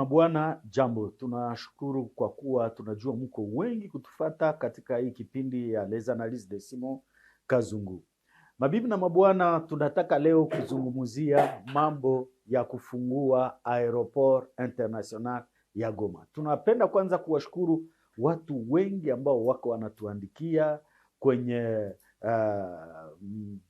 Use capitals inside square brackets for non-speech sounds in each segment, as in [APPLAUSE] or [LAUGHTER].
mabwana, jambo. Tunashukuru kwa kuwa tunajua mko wengi kutufata katika hii kipindi ya Les Analyses de Simon Kazungu. Mabibi na mabwana, tunataka leo kuzungumzia mambo ya kufungua aeroport international ya Goma. Tunapenda kwanza kuwashukuru watu wengi ambao wako wanatuandikia kwenye uh,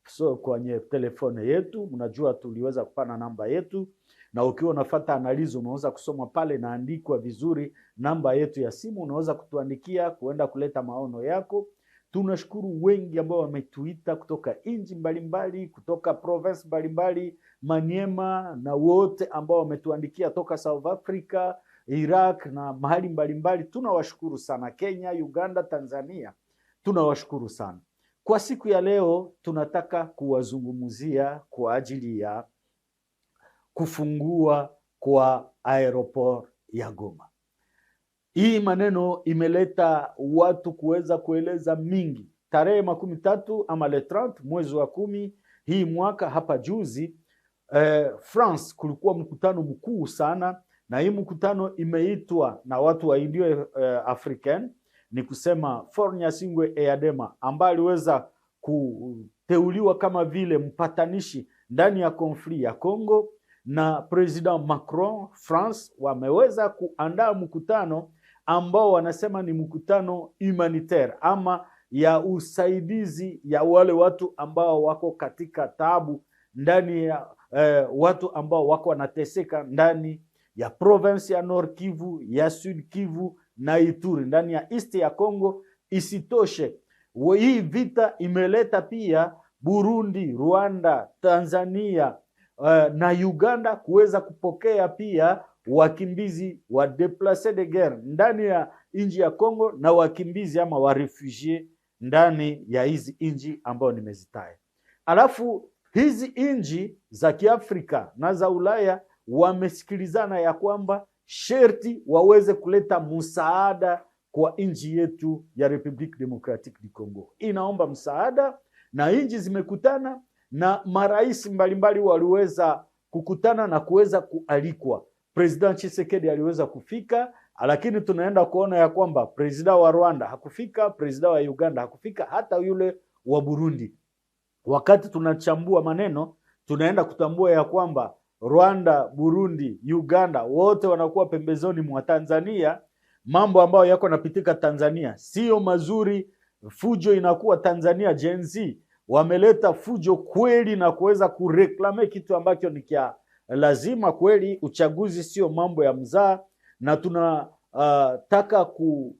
so kwenye telefone yetu. Mnajua tuliweza kupana namba yetu na ukiwa unafata analizi unaweza kusoma pale, naandikwa vizuri. Namba yetu ya simu unaweza kutuandikia kuenda kuleta maono yako. Tunashukuru wengi ambao wametuita kutoka nchi mbalimbali, kutoka province mbalimbali, Maniema na wote ambao wametuandikia toka South Africa, Iraq na mahali mbalimbali. Tunawashukuru sana, Kenya, Uganda, Tanzania, tunawashukuru sana. Kwa siku ya leo tunataka kuwazungumzia kwa ajili ya kufungua kwa aeroport ya Goma. Hii maneno imeleta watu kuweza kueleza mingi. Tarehe makumi tatu ama le 30 mwezi wa kumi hii mwaka hapa juzi eh, France kulikuwa mkutano mkuu sana, na hii mkutano imeitwa na watu wa indio eh, African ni kusema Faure Singwe Eyadema ambaye aliweza kuteuliwa kama vile mpatanishi ndani ya konfli ya Kongo na President Macron France wameweza kuandaa mkutano ambao wanasema ni mkutano humanitaire ama ya usaidizi ya wale watu ambao wako katika taabu ndani ya eh, watu ambao wako wanateseka ndani ya province ya Nord Kivu, ya Sud Kivu na Ituri ndani ya East ya Congo. Isitoshe, hii vita imeleta pia Burundi, Rwanda, Tanzania uh, na Uganda kuweza kupokea pia wakimbizi wa deplace de guerre ndani ya nchi ya Kongo na wakimbizi ama wa refugie ndani ya hizi nchi ambayo nimezitaya Alafu hizi nchi za Kiafrika na za Ulaya wamesikilizana ya kwamba sherti waweze kuleta msaada kwa nchi yetu ya Republique Democratique du Congo. Inaomba msaada na nchi zimekutana na marais mbalimbali waliweza kukutana na kuweza kualikwa. President Tshisekedi aliweza kufika, lakini tunaenda kuona ya kwamba president wa Rwanda hakufika, president wa Uganda hakufika, hata yule wa Burundi. Wakati tunachambua maneno, tunaenda kutambua ya kwamba Rwanda, Burundi, Uganda wote wanakuwa pembezoni mwa Tanzania. Mambo ambayo yako napitika Tanzania sio mazuri, fujo inakuwa Tanzania, Gen Z wameleta fujo kweli na kuweza kureklame kitu ambacho ni kia lazima kweli. Uchaguzi sio mambo ya mzaa, na tunataka ah, uh, ku,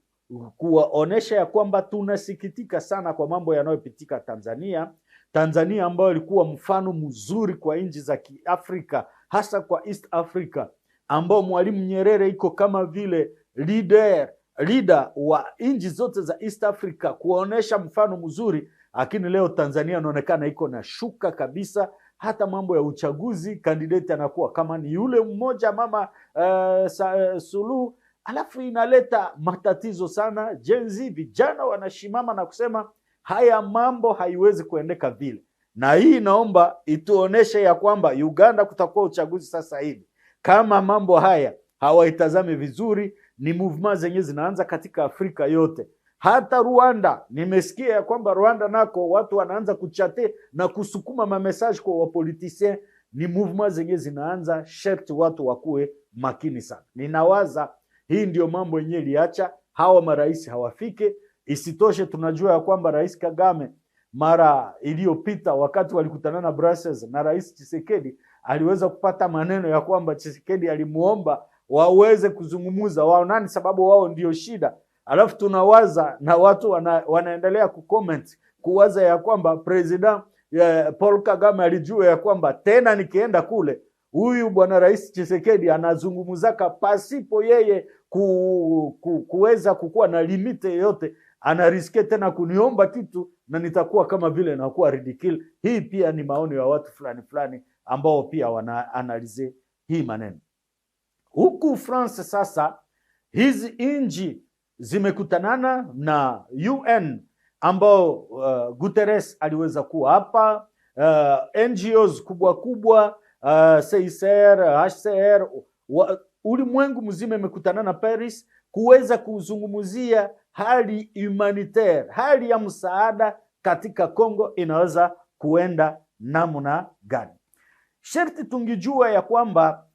kuwaonesha ya kwamba tunasikitika sana kwa mambo yanayopitika Tanzania. Tanzania ambayo ilikuwa mfano mzuri kwa nchi za Kiafrika, hasa kwa East Africa, ambao Mwalimu Nyerere iko kama vile leader leader wa nchi zote za East Africa, kuwaonesha mfano mzuri lakini leo Tanzania inaonekana iko na shuka kabisa, hata mambo ya uchaguzi kandideti anakuwa kama ni yule mmoja mama uh, Suluhu, alafu inaleta matatizo sana. Jenzi vijana wanashimama na kusema haya mambo haiwezi kuendeka vile, na hii inaomba ituoneshe ya kwamba Uganda kutakuwa uchaguzi sasa hivi kama mambo haya hawaitazame vizuri. Ni movement zenye zinaanza katika Afrika yote hata Rwanda nimesikia ya kwamba Rwanda nako watu wanaanza kuchate na kusukuma mamesaje kwa wapolitisien. Ni movement zenye zinaanza, sharti watu wakuwe makini sana. Ninawaza hii ndio mambo yenye iliacha hawa marais hawafike. Isitoshe, tunajua ya kwamba Rais Kagame mara iliyopita wakati walikutana na Brussels na Rais chisekedi aliweza kupata maneno ya kwamba chisekedi alimuomba waweze kuzungumuza wao nani, sababu wao ndio shida alafu tunawaza na watu wana, wanaendelea kucomment kuwaza ya kwamba president eh, Paul Kagame alijua ya kwamba tena nikienda kule huyu bwana rais Chisekedi anazungumzaka pasipo yeye ku, ku, kuweza kukuwa na limite yoyote, anariske tena kuniomba kitu na nitakuwa kama vile nakuwa ridicule. Hii pia ni maoni ya watu fulani fulani ambao pia wanaanalize hii maneno huku France. Sasa hizi nchi zimekutanana na UN ambao uh, Guterres aliweza kuwa hapa uh, NGOs kubwa kubwa uh, CICR, HCR wa, ulimwengu mzima imekutanana Paris kuweza kuzungumzia hali humanitaire, hali ya msaada katika Kongo inaweza kuenda namna gani. Sharti tungijua ya kwamba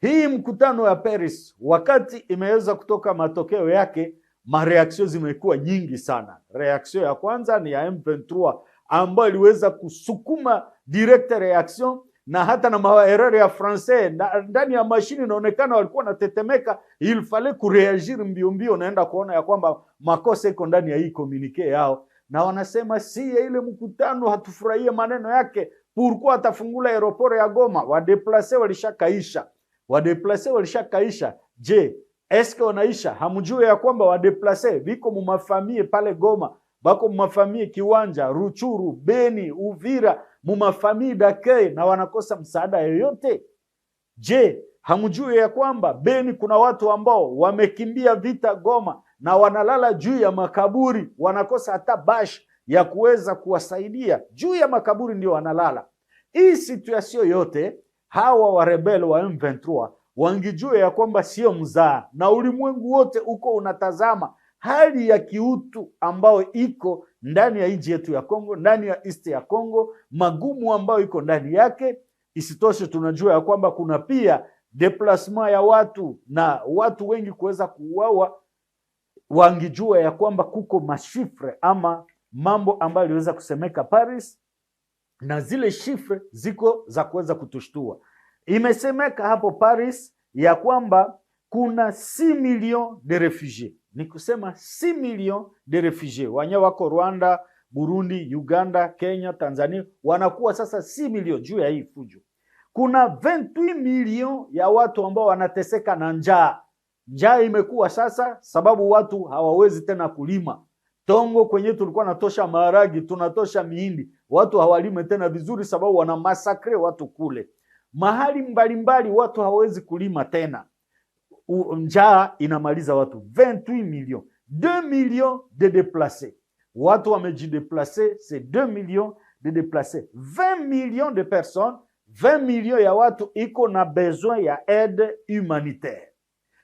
hii mkutano ya Paris wakati imeweza kutoka matokeo yake, mareaksio zimekuwa nyingi sana. Reaksio ya kwanza ni ya M23 ambayo iliweza kusukuma direct reaction na hata na maerere ya francais ndani ya mashini inaonekana walikuwa natetemeka, il fallait kureagir mbio mbio, naenda kuona ya kwamba makosa iko ndani ya hii communique yao, na wanasema si ya ile mkutano hatufurahie maneno yake, pourquoi atafungula aeroport ya Goma, wadeplace walishakaisha wadeplase walishakaisha. Je, eske wanaisha? Hamjue ya kwamba wadeplase viko mumafamie pale Goma, bako mumafamie Kiwanja, Ruchuru, Beni, Uvira, mumafamie Dakei na wanakosa msaada yoyote? Je, hamjue ya kwamba Beni kuna watu ambao wamekimbia vita Goma na wanalala juu ya makaburi, wanakosa hata bash ya kuweza kuwasaidia juu ya makaburi, ndio wanalala. Hii situasio yote hawa warebel wa M23 wangijua ya kwamba sio mzaa, na ulimwengu wote uko unatazama hali ya kiutu ambayo iko ndani ya nchi yetu ya Kongo, ndani ya East ya Kongo, magumu ambayo iko ndani yake. Isitoshe, tunajua ya kwamba kuna pia deplasma ya watu na watu wengi kuweza kuuawa. Wangijua ya kwamba kuko mashifre ama mambo ambayo iliweza kusemeka Paris na zile shifre ziko za kuweza kutushtua. Imesemeka hapo Paris ya kwamba kuna si million de refugie, ni kusema si million de refugie wanye wako Rwanda, Burundi, Uganda, Kenya, Tanzania wanakuwa sasa si milion juu ya hii fujo. Kuna 28 milioni ya watu ambao wanateseka na njaa. Njaa imekuwa sasa sababu watu hawawezi tena kulima. Tongo kwenye tulikuwa natosha maharagi, tunatosha mihindi, watu hawalime tena vizuri sababu wana masakre watu kule. Mahali mbalimbali watu hawawezi kulima tena, njaa inamaliza watu 28 millions 2 millions de deplace watu wamejideplace, c'est 2 millions de déplacés, 20 millions de personnes 20 milioni ya watu iko na besoin ya aide humanitaire.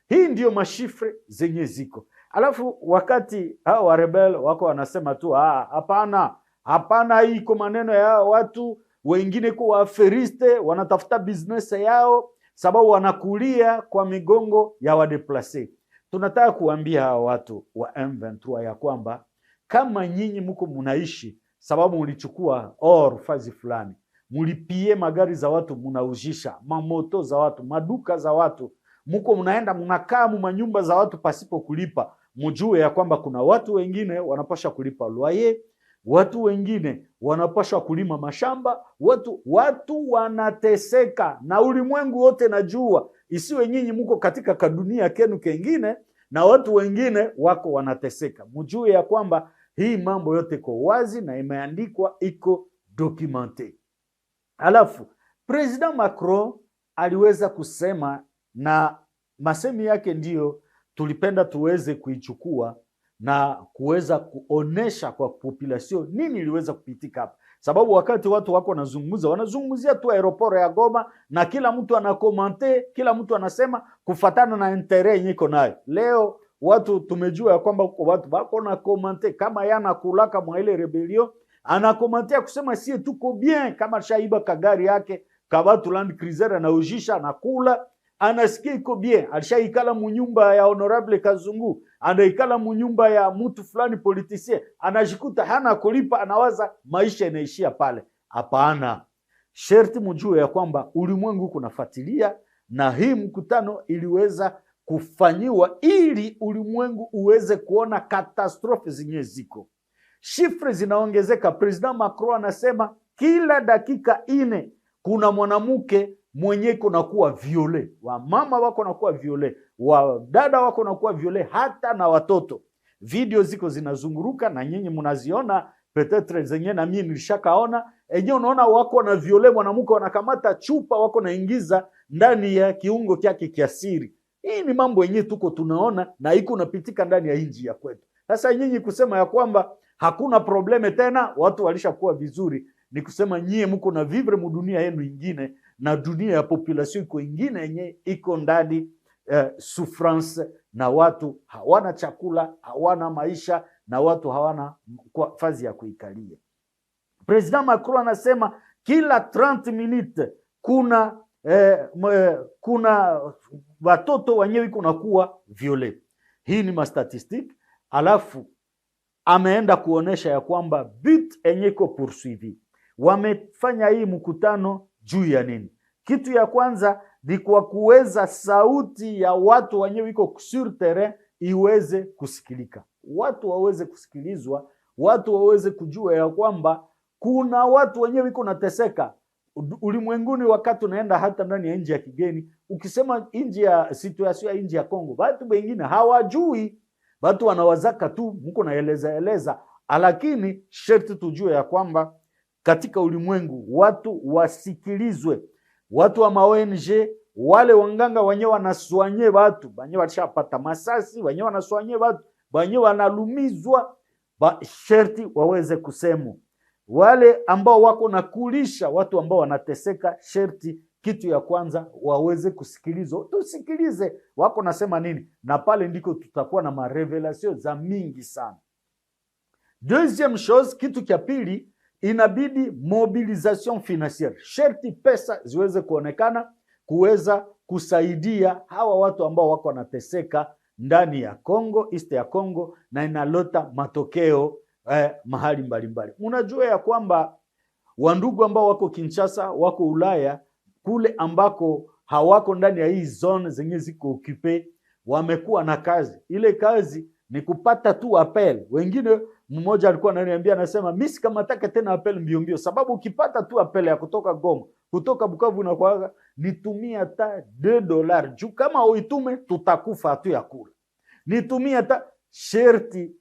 Hii ndiyo mashifre zenye ziko Alafu wakati hao wa rebel wako wanasema tu ah, hapana, hapana, hii iko maneno ya watu wengine kwa waferiste wanatafuta business yao, sababu wanakulia kwa migongo ya wadeplase. Tunataka kuambia hao watu wa M23 ya kwamba kama nyinyi mko mnaishi sababu mlichukua or fazi fulani, mlipie magari za watu, mnauzisha mamoto za watu, maduka za watu, mko mnaenda mnakaa mumanyumba za watu pasipo kulipa mjue ya kwamba kuna watu wengine wanapasha kulipa lwaye, watu wengine wanapashwa kulima mashamba, watu watu wanateseka na ulimwengu wote najua, isiwe nyinyi mko katika kadunia kenu kengine na watu wengine wako wanateseka. Mjue ya kwamba hii mambo yote iko wazi na imeandikwa, iko dokumente. Alafu President Macron aliweza kusema na masemi yake ndiyo tulipenda tuweze kuichukua na kuweza kuonesha kwa populasio nini iliweza kupitika hapa, sababu wakati watu wako wanazungumza, wanazungumzia tu aeroporo ya Goma na kila mtu anakomante, kila mtu anasema kufatana na intere nyiko nayo. Leo watu tumejua ya kwamba huko watu wako na komante kama yana kulaka mwa ile rebelio, anakomantea kusema sie tuko bien, kama shaiba kagari yake kabatu Land Cruiser anaujisha na kula anasikia iko bien, alishaikala munyumba ya honorable Kazungu, anaikala munyumba ya mtu fulani politisien, anajikuta hana kulipa, anawaza maisha inaishia pale. Hapana, sherti mjue ya kwamba ulimwengu kunafuatilia, na hii mkutano iliweza kufanyiwa ili ulimwengu uweze kuona katastrofe zenye ziko, shifre zinaongezeka. President Macron anasema kila dakika ine kuna mwanamke mwenye iko nakuwa viole, wamama wako nakuwa viole, wadada wako nakuwa viole, hata na watoto. Video ziko zinazunguruka na nyinyi mnaziona petetre zenye na mimi nilishakaona enye, Unaona wako na viole mwanamke, wanakamata chupa wako naingiza ndani ya kiungo chake kia siri. Hii ni mambo yenye tuko tunaona na iko napitika ndani ya inji ya kwetu. Sasa nyinyi kusema ya kwamba hakuna probleme tena, watu walishakuwa vizuri, ni kusema nyie mko na vivre mudunia yenu ingine na dunia ya population iko ingine yenye iko ndani eh, souffrance na watu hawana chakula, hawana maisha na watu hawana fazi ya kuikalia. President Macron anasema kila 30 minutes kuna eh, eh, kuna watoto wenyewe iko nakuwa viole. Hii ni mastatistiki, alafu ameenda kuonesha ya kwamba but enye iko poursuivi. Wamefanya hii mkutano juu ya nini? Kitu ya kwanza ni kwa kuweza sauti ya watu wenyewe iko sur terrain iweze kusikilika, watu waweze kusikilizwa, watu waweze kujua ya kwamba kuna watu wenyewe iko nateseka ulimwenguni wakati unaenda hata ndani ya nji ya kigeni, ukisema nji ya situasio ya nji ya Kongo, watu wengine hawajui, watu wanawazaka tu, mko naeleza eleza, lakini sherti tujue ya kwamba katika ulimwengu, watu wasikilizwe, watu wa ONG, wale wanganga wenyewe wanaswanye watu wenyewe, walishapata masasi wenyewe, wanaswanye watu wenyewe, wanalumizwa ba, sherti waweze kusemu. Wale ambao wako na kulisha watu ambao wanateseka, sherti kitu ya kwanza waweze kusikilizwa, tusikilize wako nasema nini, na pale ndiko tutakuwa na marevelasio za mingi sana. Deuxième chose, kitu cha pili inabidi mobilisation financiere, sherti pesa ziweze kuonekana kuweza kusaidia hawa watu ambao wako wanateseka ndani ya Kongo, east ya Kongo, na inalota matokeo eh, mahali mbalimbali. Unajua ya kwamba wandugu ambao wako Kinshasa, wako Ulaya kule ambako hawako ndani ya hii zone zenye ziko ocupe, wamekuwa na kazi. Ile kazi ni kupata tu apel, wengine mmoja alikuwa ananiambia anasema, mimi sikamataka tena apel mbio mbio, sababu ukipata tu apel ya kutoka Goma kutoka Bukavu na kwaga nitumia hata 2 dollar juu, kama uitume tutakufa tu ya kula. Nitumia hata sherti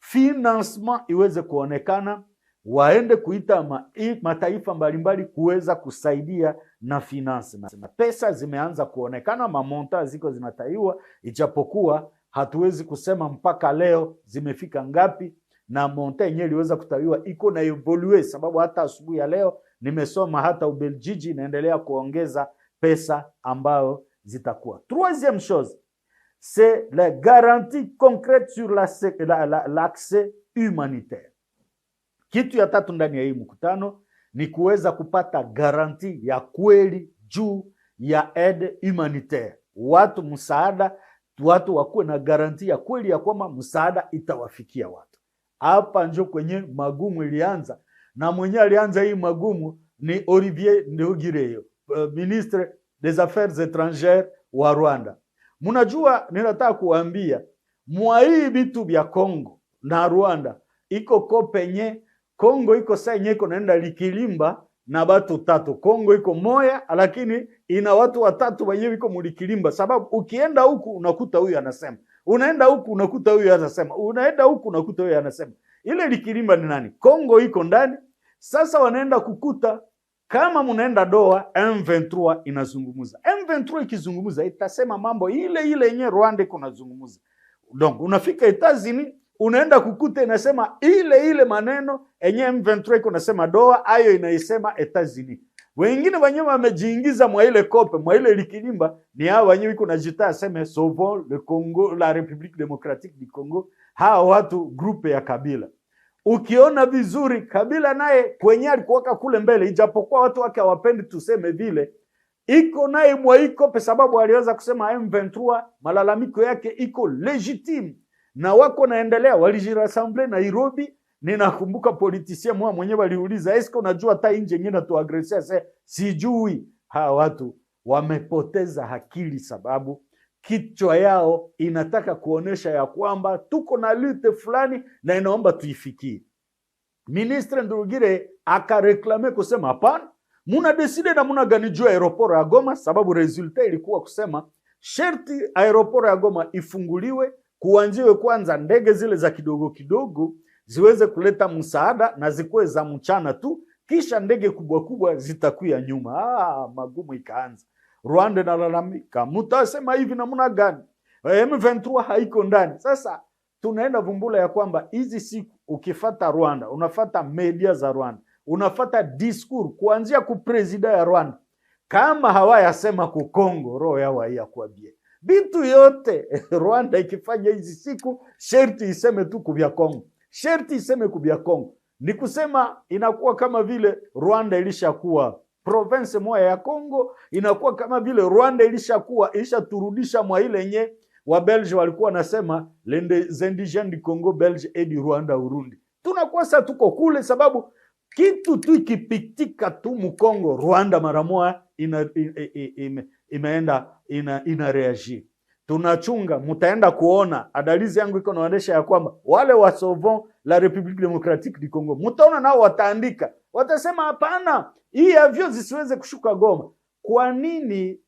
financement iweze kuonekana, waende kuita ma, i, mataifa mbalimbali kuweza kusaidia na finance na pesa zimeanza kuonekana, mamonta ziko zinataiwa, ijapokuwa hatuwezi kusema mpaka leo zimefika ngapi na montagne yenyewe iliweza kutawiwa iko na evolue, sababu hata asubuhi ya leo nimesoma hata Ubeljiji inaendelea kuongeza pesa ambayo zitakuwa. Troisieme chose c'est la garantie concrète sur l'accès la, la, la, humanitaire. Kitu ya tatu ndani ya hii mkutano ni kuweza kupata garanti ya kweli juu ya aide humanitaire, watu msaada, watu wakuwe na garanti ya kweli ya kwamba msaada itawafikia watu. Hapa njo kwenye magumu ilianza, na mwenye alianza hii magumu ni Olivier Nduhungireyo, eh, ministre des affaires étrangères wa Rwanda. Mnajua, ninataka kuambia mwa hii vitu vya Kongo na Rwanda iko ko penye Kongo iko saenye iko naenda likilimba na watu tatu. Kongo iko moya, lakini ina watu watatu wenyewe iko mulikilimba, sababu ukienda huku unakuta huyu anasema unaenda huku unakuta huyu anasema, unaenda huku unakuta huyu anasema. Ile likilima ni nani? Kongo iko ndani. Sasa wanaenda kukuta kama mnaenda doa, M23 inazungumza. M23 ikizungumza itasema mambo ile ile yenye Rwanda iko nazungumza. Donc unafika Etazini unaenda kukuta inasema ile ile maneno yenye M23 iko nasema doa, ayo inaisema Etazini. Wengine wenyewe wamejiingiza mwa ile kope, mwa ile likilimba ni hao wenyewe iko najita aseme sovo le Congo, la Republique Democratique du Congo, hao watu grupe ya Kabila. Ukiona vizuri Kabila naye kwenye alikuwaka kule mbele, ijapokuwa watu wake hawapendi tuseme vile, iko naye mwa iko sababu aliweza kusema M23 malalamiko yake iko legitime na wako naendelea walijirasamble Nairobi Ninakumbuka politisia mwa mwenyewe aliuliza, eske unajua hata nje tu agresia se sijui. Hawa watu wamepoteza akili, sababu kichwa yao inataka kuonesha ya kwamba tuko na lute fulani na inaomba tuifikie. Ministre Ndurugire akareklame kusema hapana, muna deside na muna gani juu aeroport ya Goma, sababu resulta ilikuwa kusema sherti aeroporo ya Goma ifunguliwe, kuanziwe kwanza ndege zile za kidogo kidogo ziweze kuleta msaada na zikuwe za mchana tu, kisha ndege kubwa kubwa zitakuya nyuma. Ah, magumu ikaanza. Rwanda inalalamika, mtasema hivi namna gani? Eh, M23 haiko ndani. Sasa tunaenda vumbula ya kwamba hizi siku ukifata Rwanda, unafata media za Rwanda, unafata diskur kuanzia kuprezida ya Rwanda, kama hawayasema ku Kongo, roho yao haiyakwabie bitu yote [LAUGHS] Rwanda ikifanya hizi siku sherti iseme tu kuvya Kongo sherti iseme kubia Kongo. Ni kusema inakuwa kama vile Rwanda ilishakuwa province moja ya Kongo, inakuwa kama vile Rwanda ilishakuwa ilishaturudisha mwa ile nye wa Belge walikuwa nasema lende zendijen di Congo Belge edi Rwanda Urundi. Tunakuwa sasa tuko kule sababu kitu tu ikipitika tu mukongo Rwanda mara moja ina, ina, ina, ina, ina, ina, ina reagir tunachunga, mtaenda kuona adalizi yangu iko naonesha ya kwamba wale wa Sauvons la Republique Democratique du Congo mtaona nao wataandika, watasema hapana, hii avyo zisiweze kushuka Goma. Kwa nini?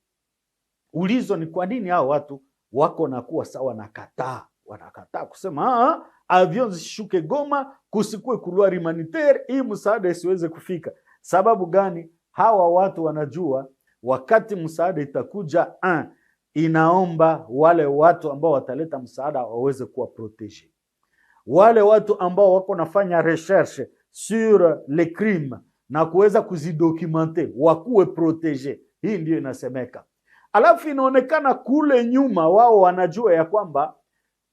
Ulizo ni kwa nini hao watu wako nakuwa sawa, kataa, wanakataa kusema ah, ah, avion zishuke Goma, kusikue couloir humanitaire, hii msaada isiweze kufika. Sababu gani? Hawa watu wanajua wakati msaada itakuja an, inaomba wale watu ambao wataleta msaada waweze kuwa protege, wale watu ambao wako nafanya recherche sur le crime na kuweza kuzidokumente wakuwe protege. Hii ndiyo inasemeka. Alafu inaonekana kule nyuma wao wanajua ya kwamba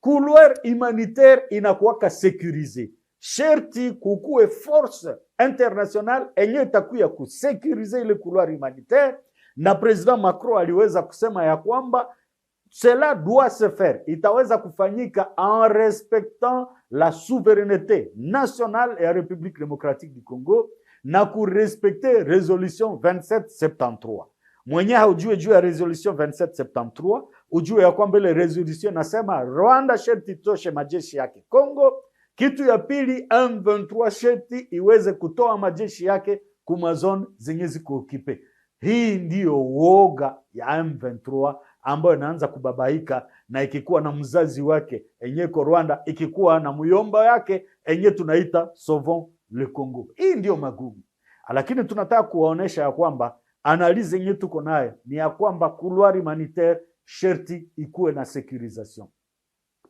couloir humanitaire inakuwaka sekurize, sherti kukuwe force international enye itakuya kusekurize ile couloir humanitaire na President Macron aliweza kusema ya kwamba cela doit se faire, itaweza kufanyika en respectant la souveraineté nationale ya République démocratique du Congo na kurespekte resolution 2773. Mwenye haujue juu ya resolution 2773, ujue ya kwamba ile resolution nasema Rwanda sheti itoshe majeshi yake Congo. Kitu ya pili, M23 sheti iweze kutoa majeshi yake kumazone zenye ziko okipe hii ndiyo woga ya M23 ambayo inaanza kubabaika na ikikuwa na mzazi wake enye ko Rwanda, ikikuwa na myomba yake enye tunaita sovon le Congo. Hii ndiyo magumu, lakini tunataka kuwaonesha ya kwamba analizi enye tuko nayo ni ya kwamba couloir humanitaire sherti ikuwe na securisation.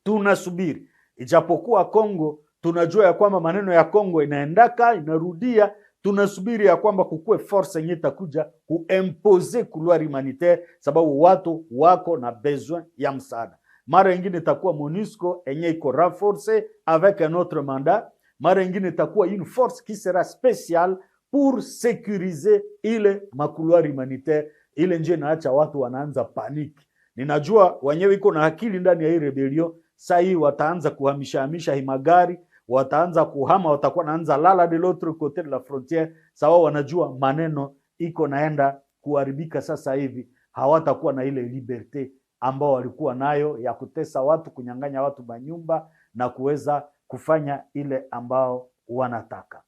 Tunasubiri, ijapokuwa congo tunajua ya kwamba maneno ya congo inaendaka inarudia tunasubiri ya kwamba kukue force yenye itakuja kuimpose couloir humanitaire, sababu watu wako na besoin ya msaada. Mara ingine itakuwa MONUSCO enye iko renforce avec un autre mandat, mara ingine itakuwa une force qui sera special pour sécuriser ile makuluari humanitaire ile nje, naacha watu wanaanza paniki. Ninajua wenyewe iko na akili ndani ya hii rebelio. Sasa hii wataanza kuhamishahamisha himagari magari wataanza kuhama, watakuwa naanza lala de l'autre côté de la frontière, sawa, wanajua maneno iko naenda kuharibika sasa hivi, hawatakuwa na ile liberte ambao walikuwa nayo ya kutesa watu, kunyang'anya watu manyumba na kuweza kufanya ile ambao wanataka.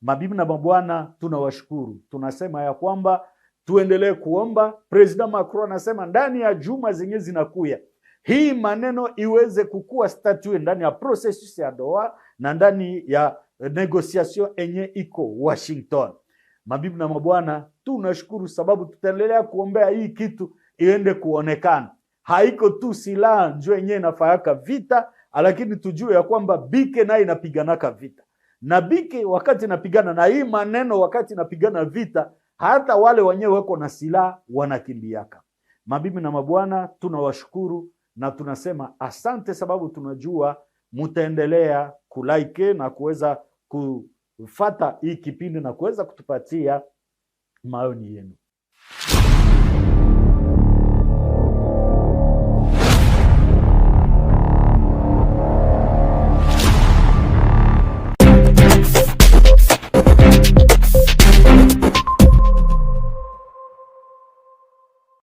Mabibi na mabwana, tunawashukuru. Tunasema ya kwamba tuendelee kuomba. President Macron anasema ndani ya juma zingine zinakuya hii maneno iweze kukua statue ndani ya process ya doa na ndani ya negotiation enye iko Washington. Mabibi na mabwana, tunashukuru sababu tutaendelea kuombea hii kitu iende kuonekana. Haiko tu silaha njo yenyewe inafanyaka vita, lakini tujue ya kwamba bike naye inapiganaka vita na bike wakati inapigana na hii maneno, wakati inapigana vita, hata wale wenyewe wako na silaha wanakimbiaka. Mabibi na mabwana, tunawashukuru na tunasema asante, sababu tunajua mtaendelea kulike na kuweza kufata hii kipindi na kuweza kutupatia maoni yenu.